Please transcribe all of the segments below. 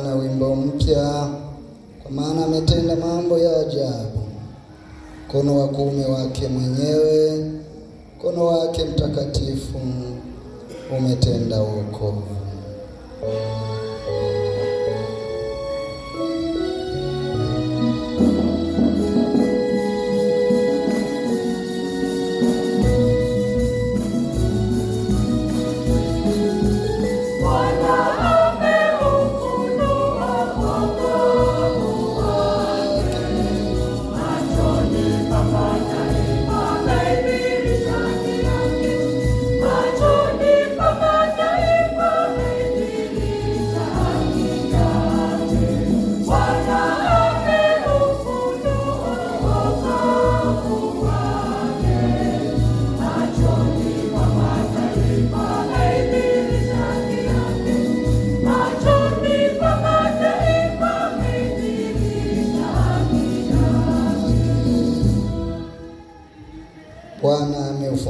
Bwana wimbo mpya, kwa maana ametenda mambo ya ajabu. Mkono wa kuume wake mwenyewe, mkono wake mtakatifu umetenda wokovu.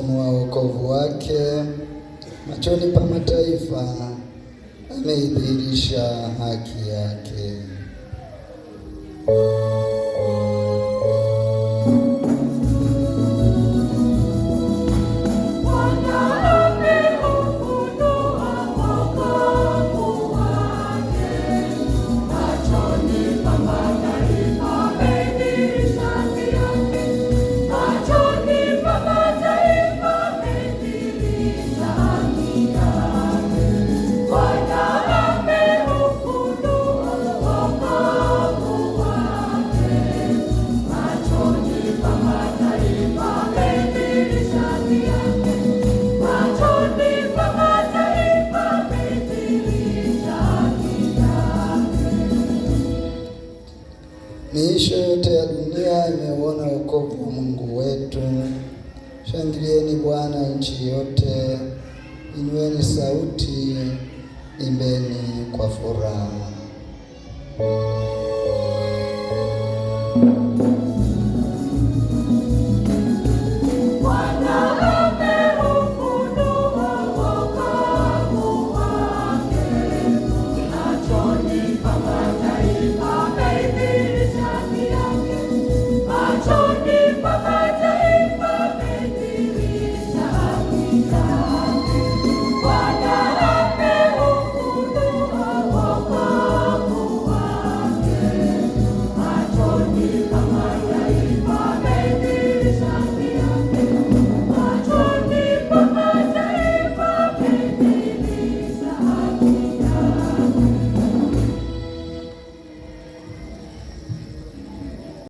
wa wokovu wake machoni pa mataifa, ameidhihirisha haki yake. Miisho yote ya dunia imeuona wokovu wa Mungu wetu. Shangilieni Bwana nchi yote, inueni sauti, imbeni kwa furaha.